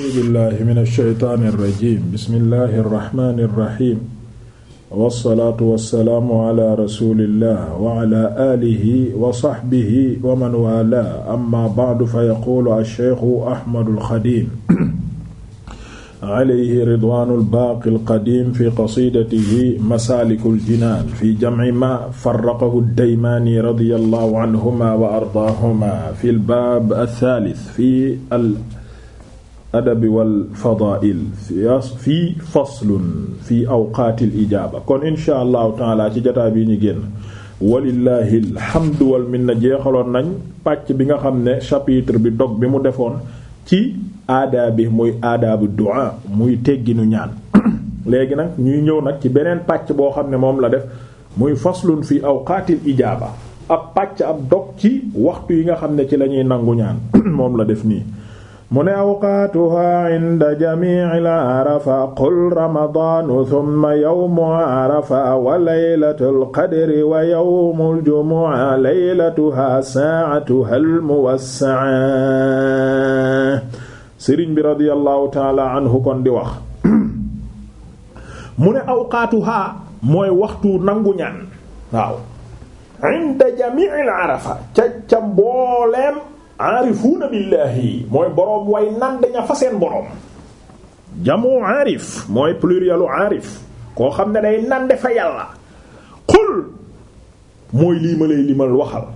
a'uuzu billahi min ash-shaytaani irrajim bismillahi irrahmani irrahim wassalaatu wassalaamu ala rasulillah wa ala aalihi wa sahbihi wa man waalaahu amma ba'du fa yaquulu ash-shaykhu Ahmadul Xadiim alayhi ridwaanul baaqil qadiim fi qasiidatihi masaalikul jinaan fi jamci maa farraqahu ad-Daymaani radiyallahu anhumaa wa ardaahumaa fil baab ath-thaalith fi al adabi wal fadaa'il fii faslun fii awqaatil ijaaba kon insha allahu taala ci jotaay bii ñu génn walillahi alhamdu wal minna jeexaloon nañ pàcc bi nga xam ne chapitre bi dog bi mu defoon ci aadaa bi muy aadaabu du'a muy tegginu ñaan léegi nag ñuy ñëw nag ci beneen pàcc boo xam ne moom la def muy faslun fii awqaatil ijaaba ab pàcc ab dog ci waxtu yi nga xam ne ci lañuy nangu ñaan moom la def nii mu ne awqaatuha inda jamiil arafa qul ramadaanu thumma yawmu arafa wa laylatul qadri wa yawmul jumu'a laylatuha saa'atuha almuwassa'a sëriñ bi radiyallahu taala anhu kon di wax mu ne awqaatuha mooy waxtu nangu ñaan waaw inda jamiil arafa ca ca mbooleem aarifuuna billahi mooy boroom way nan daña fa seen boroom jamu aarif mooy plurielu aarif koo xam ne day nan dafa yàlla xul mooy lii limal waxal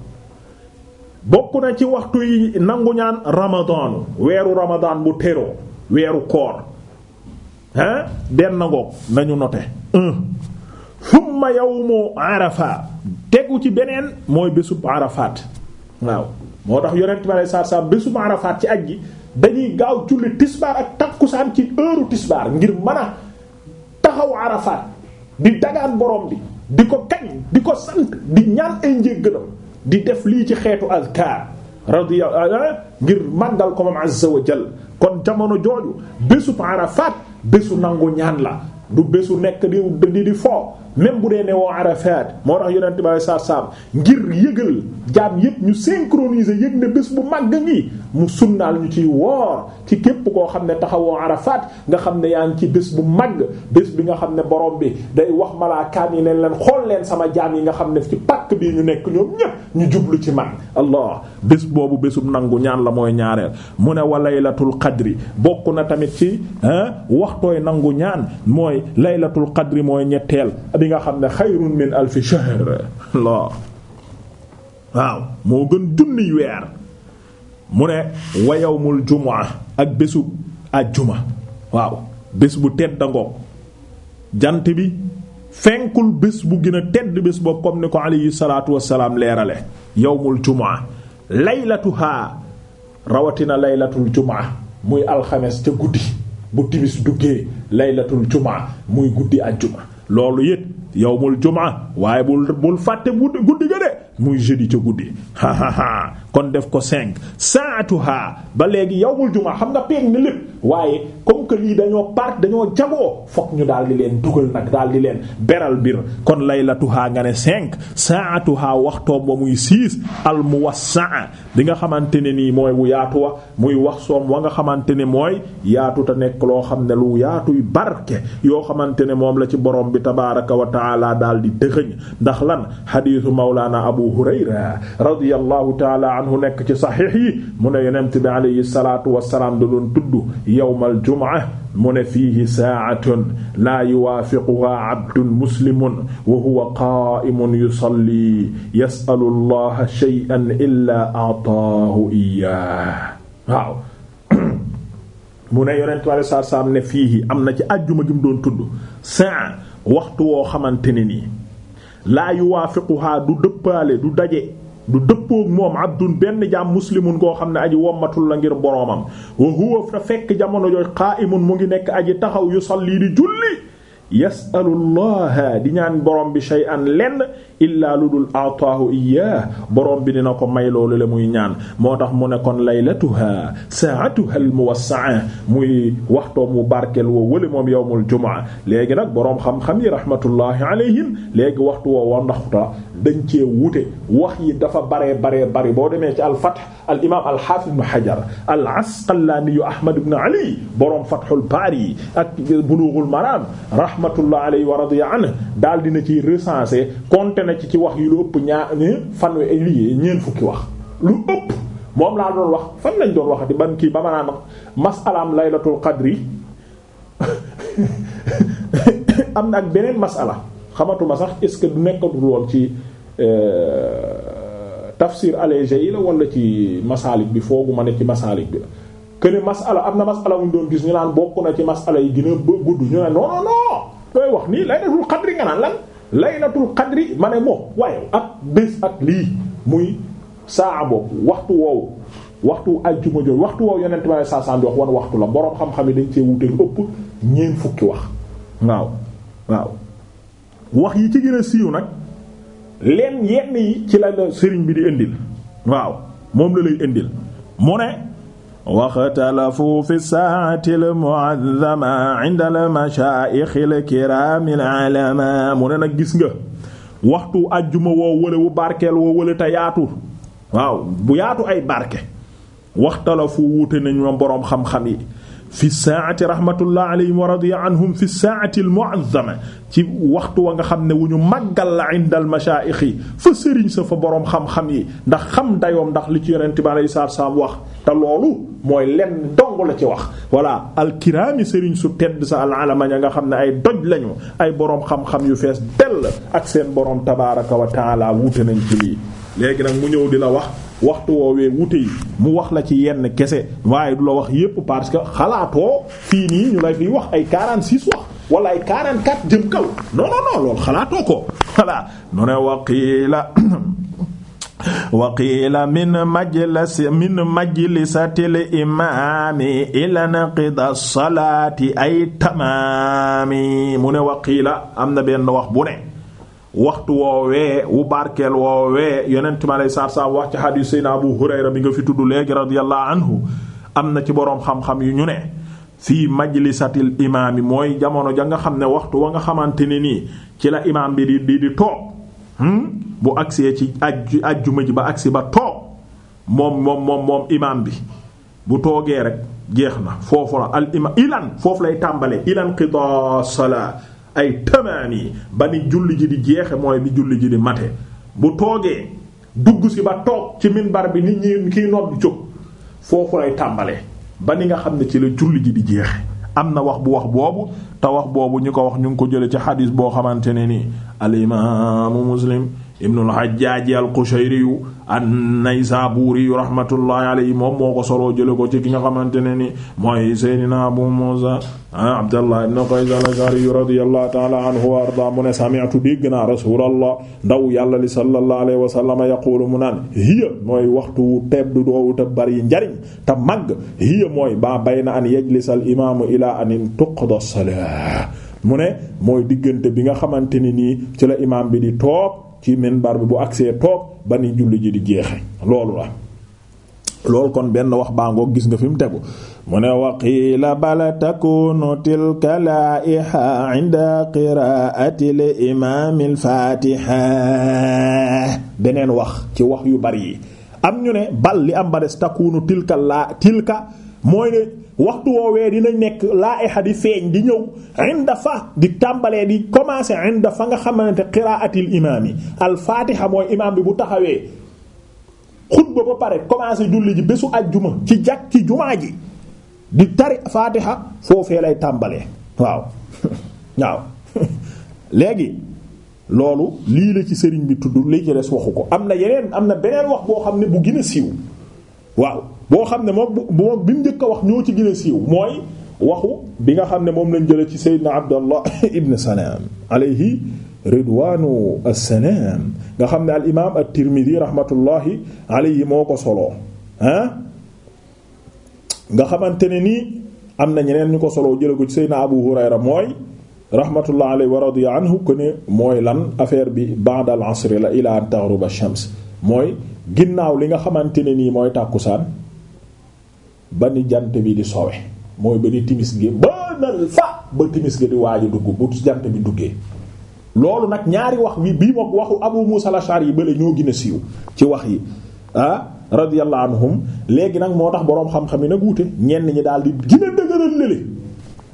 bokk na ci waxtu yi nangu ñaan ramadaanu weeru ramadaan bu teroo weeru koor ah benn ngoog nañu note un summa arafa tegu ci beneen mooy bésub arafaat waaw moo tax yonent ma lay saar saar bésuma Arafat ci aj gi dañuy gaaw julli tisbaar ak takkusaan ci heure tisbaar ngir mën a taxaw Arafat di dagaan borom bi di ko kañ di ko sant di ñaan ay njéggalam di def lii ci xeetu azkar radiya ah, ngir màggal ko moom azza wa kon jamono jooju bésu Arafat bésu nangu ñaan la du bésu nekk di di di foo même bu dee ne woo Arafat moo tax yonent bi saa saam ngir yëgal jaam yépp ñu synchroniser yëg ne bés bu màgg ngi mu sunnaal ñu ci woor ci képp koo xam ne taxawoo Arafat nga xam ne yaa ngi ci bés bu màgg bés bi nga xam ne borom bi day wax malaakaam yi leen leen xool leen sama jaam yi nga xam ne ci pàkk bii ñu nekk ñoom ñépp ñu jublu ci man allah bés boobu bésub nangu ñaan la mooy ñaareel mu ne wa laylatul qadri bokk na tamit ci mooy laylatul qadri mooy ñetteel bi nga xam ne xayrun min alfi shahr waaw moo gën junniy weer mu ne wa yawmul jumaa ak bésu ajjuma waaw bés bu tedd ngoog jant bi fenkul bés bu gën a tedd bés boobu comme ni ko alayhi salaatu wassalaam leerale yawmul jumaa laylatuha rawatina laylatul jumaa muy alxames ca guddi bu timis duggee laylatul jumaa muy guddi àjjuma loolu it yawmul jumaa waaye bul bul fàtte guddi guddi ga muy jeudi ca guddi ha kon def ko cinq saatuha ba léegi yawmul jumaa xam nga peeg na lépp waaye comme que lii dañoo part dañoo jagoo fokk ñu daal di leen dugal nag daal di leen beral bir kon laylatuha nga ne cinq saatuha waxtoom wa muy six al muwassaa di nga xamante ne nii mooy wu yaatu wa muy wax soom wa nga xamante ne mooy yaatu te nekk loo xam ne lu yaatuy barke yoo xamante ne moom la ci borom bi tabaraka wa taala daal di dëxëñ ndax lan xadiisu mawlaana abu hurayra radiyallahu taala anhu nekk ci saxiix yi mu ne yonent bi alayhi salaatu wassalaam da tudd yawmal jumaa mu ne fiihi saa'atun laa yuwaafiquhaa abdun muslimun wa huwa qaa'imun yusalli yas'alu allaha shay'an illaa a'taahu iyyaah waaw mu ne yonent bi saa saam ne fii am na ci àjjuma gi mu doon tudd saa waxtu woo xamante ne nii laa yuwaafiquhaa du dëppaale du daje du dëppook moom abdun benn jaam muslimun koo xam ne aj wommatul la ngir boroomam wa huwa fa fekk jamono jooy qaaimun mu ngi nekk yi taxaw yusalli di julli yasalullaha di ñaan borom bi shay'an lenn illaa lu dul ataahu iyaa boroom bi dina ko may loolu la muy ñaan moo tax mu ne kon laylatuha saatuha al muwassaa muy waxtoom mu barkeel woo wële moom yawmul jumaa léegi nag boroom xam-xam yi rahmatullahi alayhim léegi waxtu woowa ndax dañ cee wute wax yi dafa baree bare bari boo demee ci al al imaam al haafid ibn hajar al asqalaani ahmad ibn ali boroom fathul baari ak bulughul maraam rahmatullahi alayhi wa radiya daal dina ciy recenser wuute ci wax yi lu ëpp ñaa fan lii ñeen fukki wax lu ëpp moom laa doon wax fan lañ doon waxati ban kii ba ma naan masalaam laylatul qadri am na ak beneen masala xamatuma sax est-ce que du nekkatul woon ci euh, tafsir allégé yi la wala ci masaalik bi foogu ma ne ci masaalik bi la que ne masala am na masala muñ doon gis ñu naan bokk na ci masala yi gën gudd ñu ne non non looy wax nii laylatul qadri nga naan lan laylatul qadri ma ne moom waaye ak bés ak lii muy saa boobu waxtu woowu waxtu ajjuma jooju waxtu woowu yonent ma ne saa saa bi wax wan waxtu la boroom xam-xam yi dañ cee wuute lu ëpp ñeent fukki wax waaw waaw wax yi ci gën a siiw nag leen yenn yi ci la sëriñ bi di indil waaw moom la lay indil mu ne waxtalafu fi saati almuazzama inda almashaayixi alkiraami alalama mu ne nag gis nga waxtu àjjuma woo wële wu barkeel woo wële te yaatu waaw bu yaatu ay barke waxtalafu wuute nañu ñoom boroom xam-xam yi fi saati rahmatullah alayhim wa radiya anhum fi saati almu'azzama ci waxtu wa nga xam ne wu ñu màggal la indal mashaayix yi fa sëriñ sa boroom xam yi ndax xam dayoom ndax li ci yonent bi alayhi salaatu salaam wax te loolu mooy lenn dong la ci wax voilà alkiraami sëriñ su tedd sa alalama ña nga xam ne ay doj lañu ay boroom xam-xam yu fees dell ak seen boroom tabaaraka wa taala wuute nañ ci lii léegi nag mu ñëw di la wax waxtu woowee wute yi mu wax la ci yenn kese waaye du la wax yépp parce que xalaatoo fii nii ñu lay fiy wax ay 46 wax wala ay 44 jëm kaw non non non loolu xalaatoo ko voilà mu ne waqiila waqiila min majlis min majlisatil imaami ila naqida salaati ay tamaami mu ne waqiila am na benn wax bu ne waxtu woowee wu barkeel woowee yonent ma lay saar saar wax ci xadiis sayna Abu Hurayra bi nga fi tudd léegi radiyallahu anhu am na ci boroom xam-xam yu ñu ne fii majlisatil imaam yi mooy jamono ja nga xam ne waxtu wa nga xamante ne nii ci la imaam bi di di di toog hmm? bu agsee ci ajju ajjuma ji ba agsi ba toog moom moom moom imaam bi bu toogee rek jeex na foofu la imaam ilan foofu lay tàmbalee ilan qidaa salaa ay tëmaan yi ba ni julli ji di jeexe mooy bi julli ji di mate bu toogee dugg si ba toog ci min minbar bi nit ñi kiy nodd jóg foofu lay tàmbalee ba ni nga xam ne ci la julli ji di jeexe am na wax bu wax boobu te wax boobu ñu ko wax ñu ngi ko jële ci xadiis boo xamante ne nii al imaamu muslim ibnul hajjaaji al qushayriyu an naysaburiyu rahmatullahi moom moo ko soloo jële ko ci ki nga xamante ne ni mooy seydina abu muusa abdallah ibn qays al ashariyu radiyallahu taala anhu wa arda mu ne sami'tu dégg naa rasulallah ndaw yàlla li sallallahu wa sallam yaqulu mu naan hiya mooy waxtu teb du doowu te bari njariñ te màgg hiya mooy ba bayna an yajlisa al imaamu ila an tuqda as mu ne mooy diggante bi nga xamante ne nii ci la imaam bi ci minbar bi bu agsee toog ba ni julli ji di jeexe loolu la loolu kon benn wax baangoo gis nga fi mu tegu mu ne waqiila la takunu tilka laiha inda qiraati li imaami alfaatiha beneen wax ci wax yu bari yi am ñu ne bal li am ba des takunu tilka laa tilka mooy ne waxtu woowee dina nekk laayixa di feeñ di ñëw inda fa di tàmbalee di commencer inda fa nga xamante qiraatil imaam yi alfaatiha mooy imaam bi bu taxawee xutba ba pare commencer julli ji bésu ajjuma ci jàkk ci jumaa ji di tari faatiha foofee lay tàmbalee waaw waaw léegi loolu lii la ci sëriñ bi tudd li ci des waxu ko am na yeneen am na beneen wax boo xam ne bu gën a siiw waaw boo xam ne moom moom bi mu njëkk a wax ñoo ci gën a siiw mooy waxu bi nga xam ne moom lañ jële ci Seydina Abdallah ibn Salam alayhi ridwanu assalaam nga xam ne al imaam at-Tirmidhi rahmatullahi moo ko soloo ah nga xamante ne nii am na ñeneen ñu ko soloo jële ko ci Seydina Abu Hurayra mooy rahmatullah wa radiya anhu ko ne mooy lan affaire bi ba'da al-asr la ila an taghruba shams mooy ginnaaw li nga xamante ne nii mooy tàkkusaan ba ni jant bi di sowe mooy ba ni timis gi ba nal fa ba timis gi di waaju dugg bu jant bi duggee loolu nag ñaari wax bi bii moo waxu Abu Musa al-Ash'ari yi bële ñoo gën a siiw ci wax yi ah radiyallahu anhum léegi nag moo tax boroom xam-xam yi nag wuute ñenn ñi daal di gën a dëgëral lële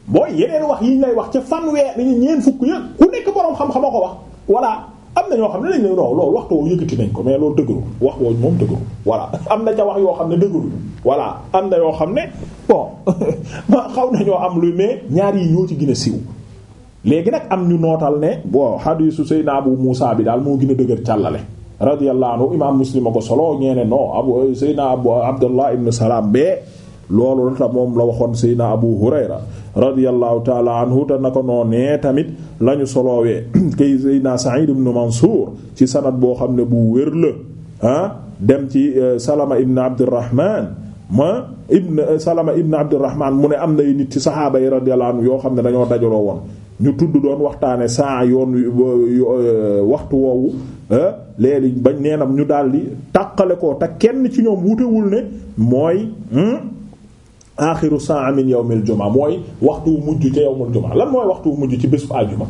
booy yeneen wax yi ñu lay wax ca fanweer ñeent fukk ya ku nekk boroom xam-xam a ko wax voilà am na ñoo xam ne dañ ne non loolu waxtu woo yëkkati nañ ko mais loolu dëgëru wax woo moom dëgëru voilà am na ca wax yoo xam ne dëgëru voilà am na yoo xam ne bon ma xaw nañoo am lu mais ñaar yi ñoo ci gën a siiw léegi nag am ñu nootal ne bon hadisu Seydina Abu Muusa bi daal moo gën a dëgër càllale radiyallahu anhu imam Muslim a ko solo ñeene non abu Seydina Abu Abdullah ibn Salam be loolu la moom la waxoon Seydina Abu Hurayra radiyallahu taala anhu te na ko noonee tamit la ñu soloowee kay Seydina Sa'id ibn Mansour ci sanad boo xam ne bu wér la ah dem ci euh, Salama ibn Abdurrahman ma ibn euh, Salama ibn Abdurrahman mu ne am na nit ci saxaaba yi radiyallahu anhu yoo xam ne dañoo dajaloo woon ñu tudd doon waxtaane saa yoon euh, waxtu woowu ah, léegi bañ neenam ñu daldi tàqale ko te kenn ci ñoom wutewul ne mooy hmm, axiru sa'a min yawmil juma mooy waxtu mujj ca yawmul juma lan mooy waxtu mujj ci bésu bu àjjuma.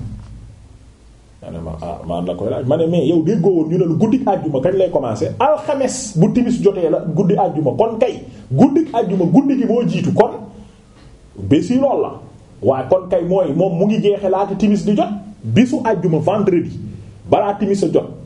ma ne ma ah mais yow déggoo woon ñu ne lu guddi àjjuma kañ lay commencer alxames bu timis jotee la guddi àjjuma kon kay guddi àjjuma guddi gi boo jiitu kon bés yi lool la waaye kon kay mooy moom mu ngi jeexee laata timis di jot bisu àjjuma vendredi balaa timis a jot.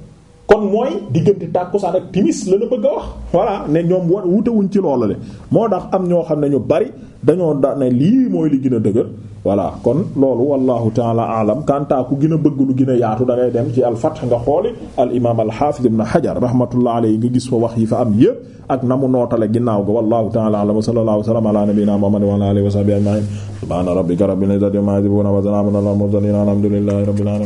kon mooy diggante tàkkusaan ak timis la la a wax voilà ne ñoom wa wutewuñ ci loola le moo tax am ñoo xam ne ñu bari dañoo da ne lii mooy li gën a dëgër voilà kon loolu wallahu taala alam kanta ku gën a bëgg lu gën a yaatu da ngay dem ci al fath nga xooli al imam al hafiz ibn hajar rahmatullah alayhi na mu nootale ginnaaw ga wallahu taala wa sallallahu wa sallam ala nabiyyina muhammadin wa ala alihi wa sahbihi ajma'in subhana rabbika rabbil izzati amma yasifun wa salamun ala al mursalin alhamdulillahi rabbil